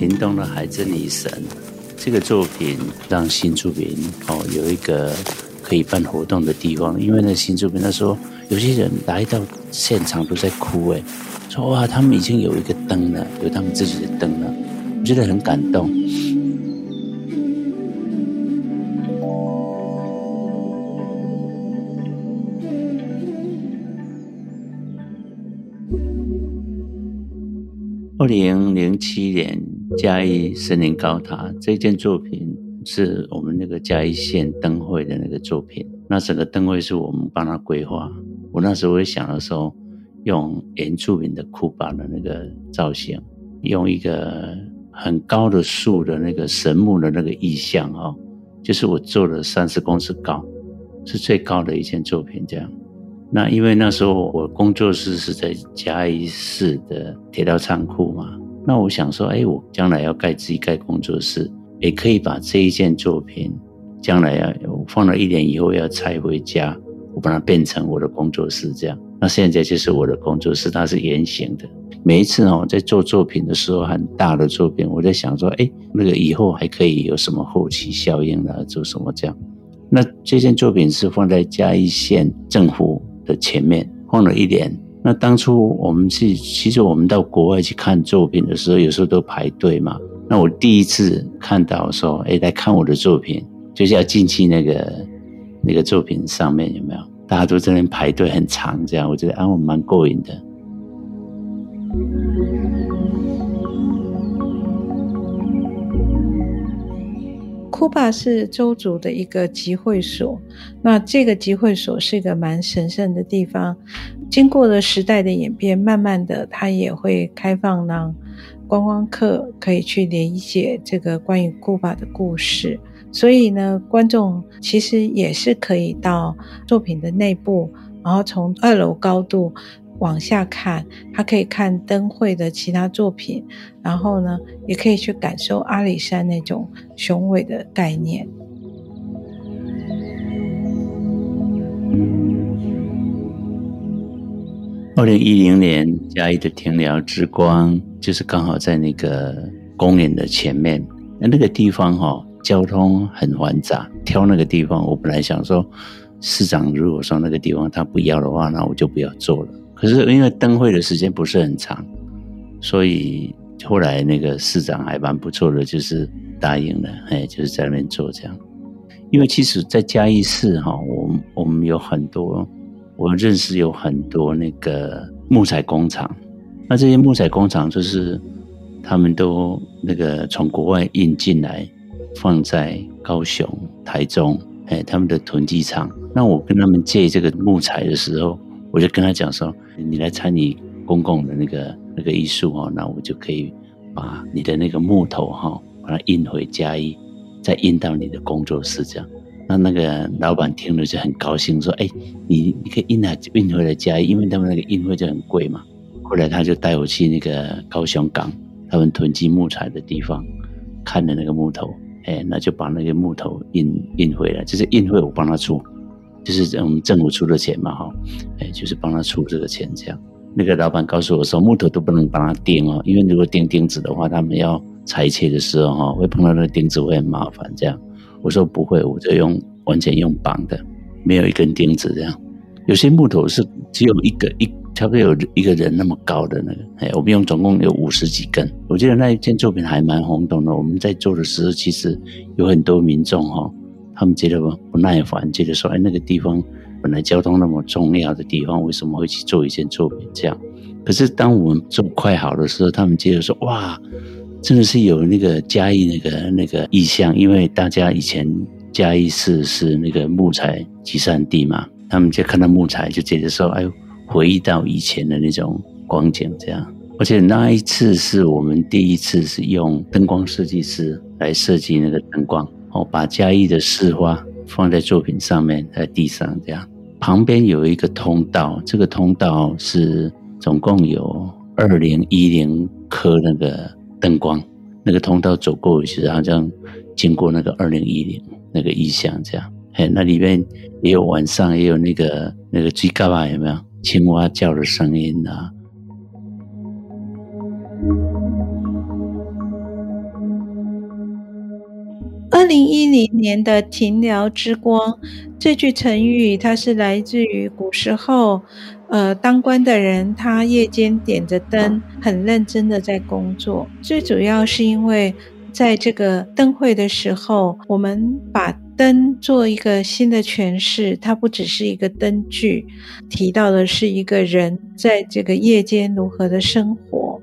屏東的海之女神，這個作品讓新住民哦有一個可以辦活動的地方。因為呢，新住民他說有些人來到現場都在哭，哎，說哇，他們已經有一個燈了，有他們自己的燈了，我覺得很感動。二零零七年。嘉義森林高塔這一件作品是我們那個嘉義縣燈會的那個作品，那整個燈會是我們幫他規劃。我那時候會想的時候，用原住民的庫巴的那個造型，用一個很高的樹的那個神木的那個意象啊，就是我做了三十公尺高，是最高的一件作品這樣。那因為那時候我工作室是在嘉義市的鐵道倉庫嘛。那我想說，哎、欸，我將來要蓋自己蓋工作室，也可以把這一件作品，將來要放了一年以後要拆回家，我把它變成我的工作室這樣。那現在就是我的工作室，它是圓形的。每一次哦、喔，在做作品的時候，很大的作品，我在想說，哎、欸，那個以後還可以有什麼後期效應呢、啊？做什麼這樣？那這件作品是放在嘉義縣政府的前面，放了一年。那當初我們去，其實我們到國外去看作品的時候，有時候都排隊嘛。那我第一次看到說，誒，來看我的作品，就是要進去那個那個作品上面有沒有？大家都在那排隊很長，這樣我覺得啊，我蠻過癮的。庫巴是鄒族的一個集會所，那這個集會所是一個蠻神聖的地方。經過了時代的演變，慢慢的，它也會開放，讓觀光客可以去理解這個關於古法的故事，所以呢，觀眾其實也是可以到作品的內部，然後從二樓高度往下看，他可以看燈會的其他作品，然後呢，也可以去感受阿里山那種雄偉的概念。二零一零年，嘉義的庭燎之光就是剛好在那個公園的前面。那個地方哈、哦，交通很繁雜。挑那個地方，我本來想說，市長如果說那個地方他不要的話，那我就不要做了。可是因為燈會的時間不是很長，所以後來那個市長還蠻不錯的，就是答應了，哎，就是在那邊做這樣。因為其實在嘉義市哈，我我們有很多。我認識有很多那個木材工廠，那這些木材工廠就是他們都那個從國外運進來，放在高雄、台中，哎、欸，他們的囤積倉。那我跟他們借這個木材的時候，我就跟他講說：“你來參與公共的那個那個藝術哦，那我就可以把你的那個木頭哈、哦，把它運回嘉義，再運到你的工作室這樣。”那那個老闆聽了就很高興，說：“哎、欸，你你可以運來運回來家，因為他們那個運費就很貴嘛。”後來他就帶我去那個高雄港，他們囤積木材的地方，看了那個木頭，哎、欸，那就把那個木頭運運回來，就是運費我幫他出，就是我們政府出的錢嘛，哈，哎，就是幫他出這個錢這樣。那個老闆告訴我說，木頭都不能幫他釘哦，因為如果釘釘子的話，他們要裁切的時候哈、哦，會碰到那個釘子會很麻煩這樣。我說不會，我就用完全用綁的，沒有一根釘子這樣。有些木頭是只有一個一差不多有一個人那麼高的那個，哎，我們用總共有五十幾根。我記得那一件作品還蠻轟動的。我們在做的時候，其實有很多民眾哈、哦，他們覺得不耐煩，覺得說，哎，那個地方本來交通那麼重要的地方，為什麼會去做一件作品這樣？可是當我們做快好的時候，他們接着說，哇。真的是有那個嘉義那個那個意象，因為大家以前嘉義市是那個木材集散地嘛，他們就看到木材就覺得說，哎，回憶到以前的那種光景這樣。而且那一次是我們第一次是用燈光設計師來設計那個燈光，哦，把嘉義的市花放在作品上面，在地上這樣。旁邊有一個通道，這個通道是總共有二零一零顆那個。燈光，那個通道走過，其實好像經過那個二零一零那個異象這樣嘿。那裡面也有晚上，也有那個那個最幹嘛？有沒有青蛙叫的聲音啊？二零一零年的《庭燎之光》，這句成語它是來自於古時候，呃，當官的人他夜間點着燈，很認真的在工作。最主要是因為在這個燈會的時候，我們把燈做一個新的詮釋，它不只是一個燈具，提到的是一個人在這個夜間如何的生活。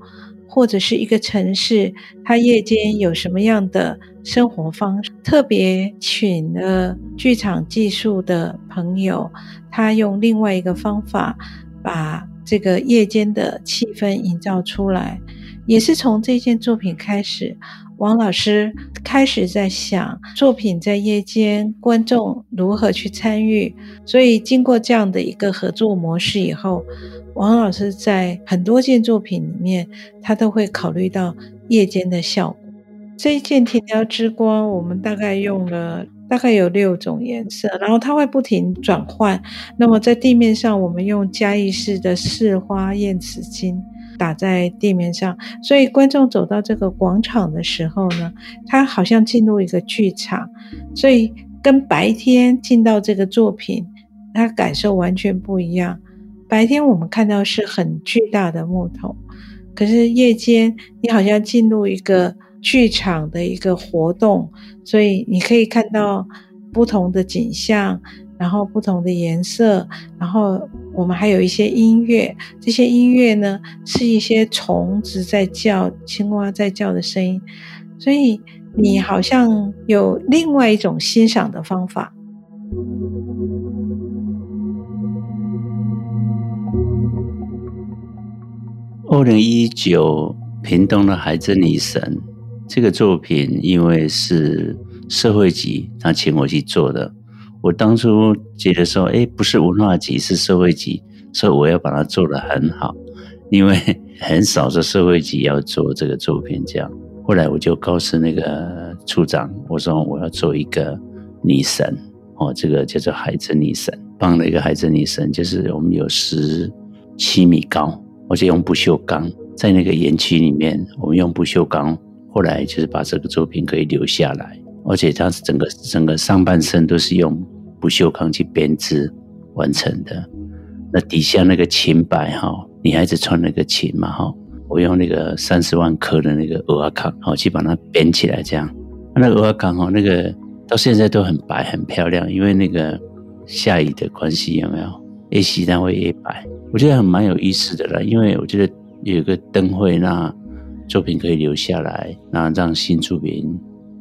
或者是一個城市，它夜間有什麼樣的生活方式？特別請了劇場技術的朋友，他用另外一個方法把這個夜間的氣氛營造出來，也是從這件作品開始。王老師開始在想，作品在夜間觀眾如何去參與，所以經過這樣的一個合作模式以後，王老師在很多件作品裡面，他都會考慮到夜間的效果。這一件庭燎之光，我們大概用了大概有六種顏色，然後它會不停轉換。那麼在地面上，我們用嘉義市的市花艷紫荊，打在地面上，所以觀眾走到這個廣場的時候呢，他好像進入一個劇場，所以跟白天進到這個作品，他感受完全不一樣。白天我們看到是很巨大的木頭，可是夜間你好像進入一個劇場的一個活動，所以你可以看到不同的景象，然後不同的顏色，然後。我們還有一些音樂，這些音樂呢是一些蟲子在叫、青蛙在叫的聲音，所以你好像有另外一種欣賞的方法。二零一九，屏東的海之女神這個作品，因為是社會級，他請我去做的。我當初覺得說，哎，不是文化局，是社會局，所以我要把它做得很好，因為很少是社會局要做這個作品這樣。後來我就告訴那個處長，我說我要做一個女神，哦，這個叫做海之女神，幫了一個海之女神，就是我們有十七米高，而且用不鏽鋼，在那個園區裡面，我們用不鏽鋼，後來就是把這個作品可以留下來，而且它整個整個上半身都是用。不鏽鋼去編織完成的，那底下那個裙襬哈，女孩子穿那個裙嘛哈，我用那個三十萬顆的那個蚵仔殼，好去把它編起來，這樣。那蚵仔殼哈，那個到現在都很白很漂亮，因為那個下雨的關係有沒有？越洗它會越白，我覺得很蠻有意思的啦，因為我覺得有一個燈會，那作品可以留下來，那讓新住民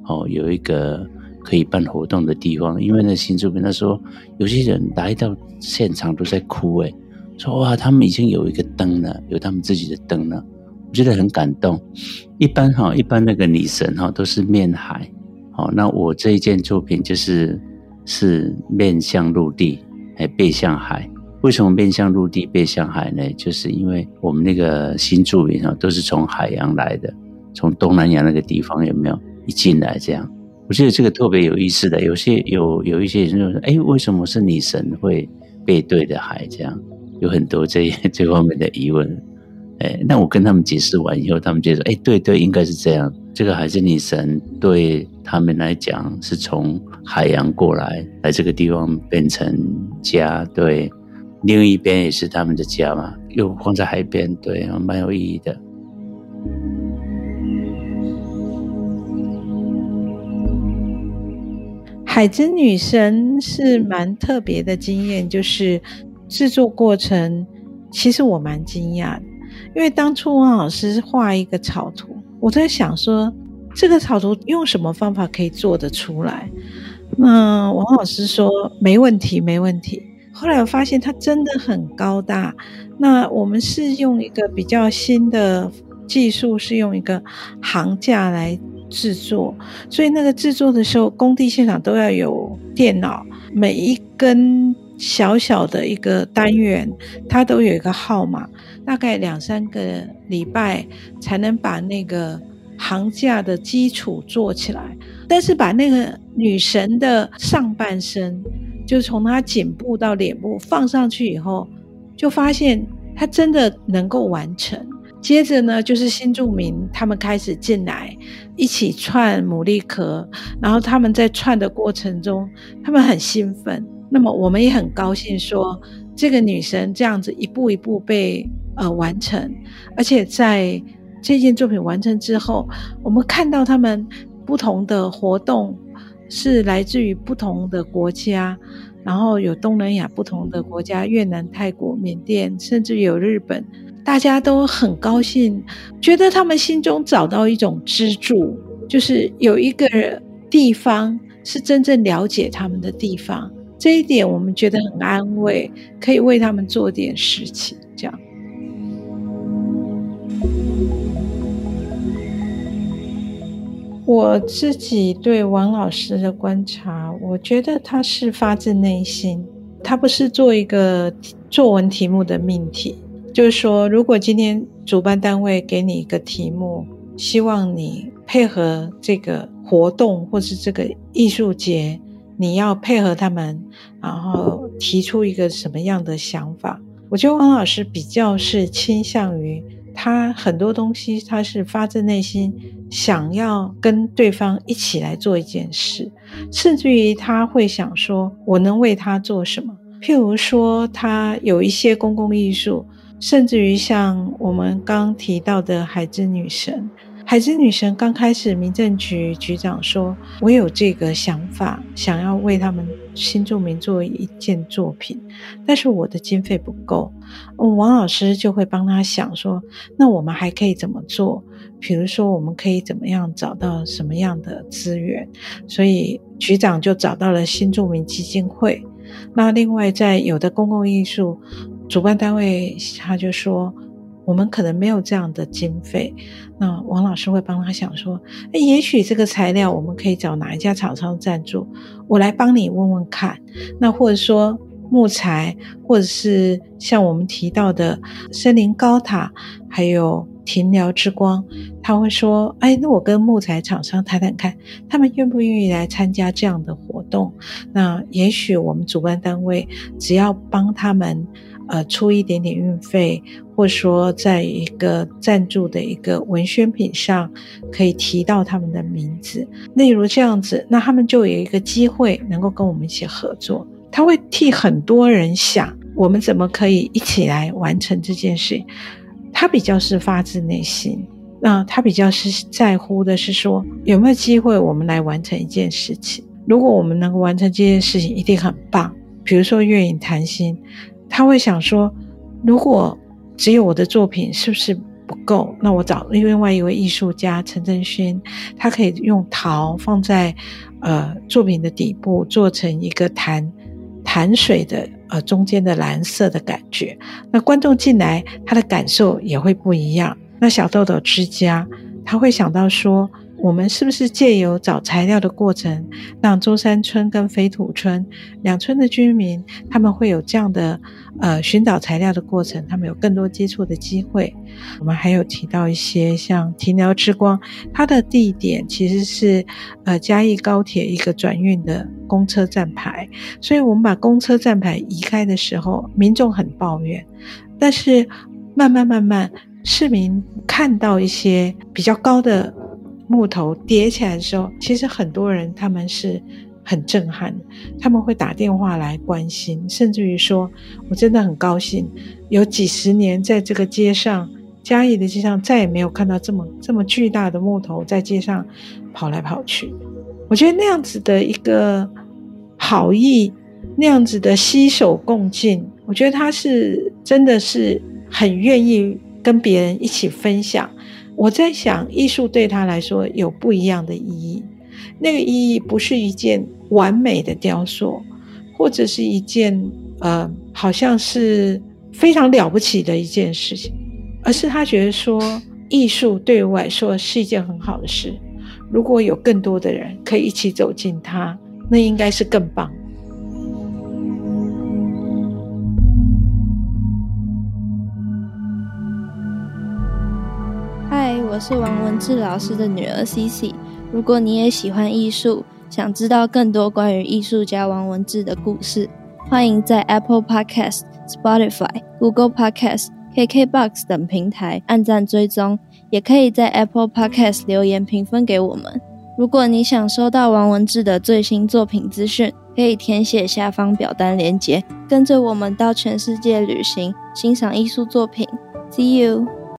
哦有一個。可以辦活動的地方，因為那新住民，他說有些人來到現場都在哭、欸，誒，說哇，他們已經有一個燈了，有他們自己的燈了，我覺得很感動。一般哈，一般那個女神哈都是面海，好，那我這一件作品就是是面向陸地，還背向海。為什麼面向陸地背向海呢？就是因為我們那個新住民哈都是從海洋來的，從東南亞那個地方有沒有一進來這樣。我覺得這個特別有意思的，有些有有一些人就說：“哎，為什麼是女神會背對著海？”這樣有很多這這方面的疑問。哎，那我跟他們解釋完以後，他們就說：“哎，對對，對，應該是這樣。這個海之女神對他們來講是從海洋過來，來這個地方變成家。對，另一邊也是他們的家嘛，又放在海邊，對，蠻有意義的。”海之女神是蠻特別的經驗，就是製作過程，其實我蠻驚訝的，因為當初王老師畫一個草圖，我在想說這個草圖用什麼方法可以做得出來？那王老師說沒問題，沒問題。後來我發現它真的很高大，那我們是用一個比較新的技術，是用一個行架來。製作，所以那個製作的時候，工地現場都要有電腦，每一根小小的一個單元，它都有一個號碼，大概兩三個禮拜才能把那個桁架的基礎做起來。但是把那個女神的上半身，就是從她頸部到臉部放上去以後，就發現她真的能夠完成。接着呢，就是新住民他們開始進來，一起串牡蠣殼，然後他們在串的過程中，他們很興奮。那麼我們也很高興說，說這個女神這樣子一步一步被呃完成，而且在這件作品完成之後，我們看到他們不同的活動是來自於不同的國家，然後有東南亞不同的國家，越南、泰國、緬甸，甚至有日本。大家都很高興，覺得他們心中找到一種支柱，就是有一個地方是真正了解他們的地方。這一點我們覺得很安慰，可以為他們做點事情。這樣。我自己對王老師的觀察，我覺得他是發自內心，他不是做一個作文題目的命題。就是說，如果今天主辦單位給你一個題目，希望你配合這個活動或是這個藝術節，你要配合他們，然後提出一個什麼樣的想法？我覺得王老師比較是傾向於他很多東西，他是發自內心想要跟對方一起來做一件事，甚至於他會想說：“我能為他做什麼？”譬如說，他有一些公共藝術。甚至於像我們剛提到的海之女神，海之女神剛開始，民政局局長說：“我有這個想法，想要為他們新住民做一件作品，但是我的經費不夠。”王老師就會幫他想說：“那我們還可以怎麼做？比如說，我們可以怎麼樣找到什麼樣的資源？”所以局長就找到了新住民基金會。那另外，在有的公共藝術，主辦單位他就說，我們可能沒有這樣的經費。那王老師會幫他想說，哎，也許這個材料我們可以找哪一家廠商贊助，我來幫你問問看。那或者說木材，或者是像我們提到的森林高塔，還有庭燎之光，他會說，哎，那我跟木材廠商談談看，他們願不願意來參加這樣的活動？那也許我們主辦單位只要幫他們。呃，出一點點運費，或說在一個贊助的一個文宣品上，可以提到他們的名字。例如這樣子，那他們就有一個機會能夠跟我們一起合作。他會替很多人想，我們怎麼可以一起來完成這件事情？他比較是發自內心，那他比較是在乎的是說有沒有機會我們來完成一件事情。如果我們能夠完成這件事情，一定很棒。比如說《月影潭心》。他會想說，如果只有我的作品是不是不夠？那我找另外一位藝術家陳正勳，他可以用陶放在呃作品的底部，做成一個潭潭水的呃中間的藍色的感覺。那觀眾進來，他的感受也會不一樣。那小豆豆之家，他會想到說。我們是不是借由找材料的過程，讓中山村跟肥土村兩村的居民，他們會有這樣的呃尋找材料的過程，他們有更多接觸的機會。我們還有提到一些像庭燎之光，它的地點其實是呃嘉義高鐵一個轉運的公車站牌，所以我們把公車站牌移開的時候，民眾很抱怨。但是慢慢慢慢，市民看到一些比較高的。木頭疊起來的時候，其實很多人他們是很震撼的，他們會打電話來關心，甚至於說：“我真的很高興，有幾十年在這個街上，嘉義的街上再也沒有看到這麼這麼巨大的木頭在街上跑來跑去。”我覺得那樣子的一個好意，那樣子的攜手共進，我覺得他是真的是很願意跟別人一起分享。我在想，藝術對他來說有不一樣的意義。那個意義不是一件完美的雕塑，或者是一件呃，好像是非常了不起的一件事情，而是他覺得說，藝術對我來說是一件很好的事。如果有更多的人可以一起走進它，那應該是更棒。我是王文志老師的女兒 Cici。如果你也喜歡藝術，想知道更多關於藝術家王文志的故事，歡迎在 Apple Podcast、Spotify、Google Podcast、KKBox 等平台按讚追蹤，也可以在 Apple Podcast 留言評分給我們。如果你想收到王文志的最新作品資訊，可以填寫下方表單連結，跟着我們到全世界旅行，欣賞藝術作品。See you。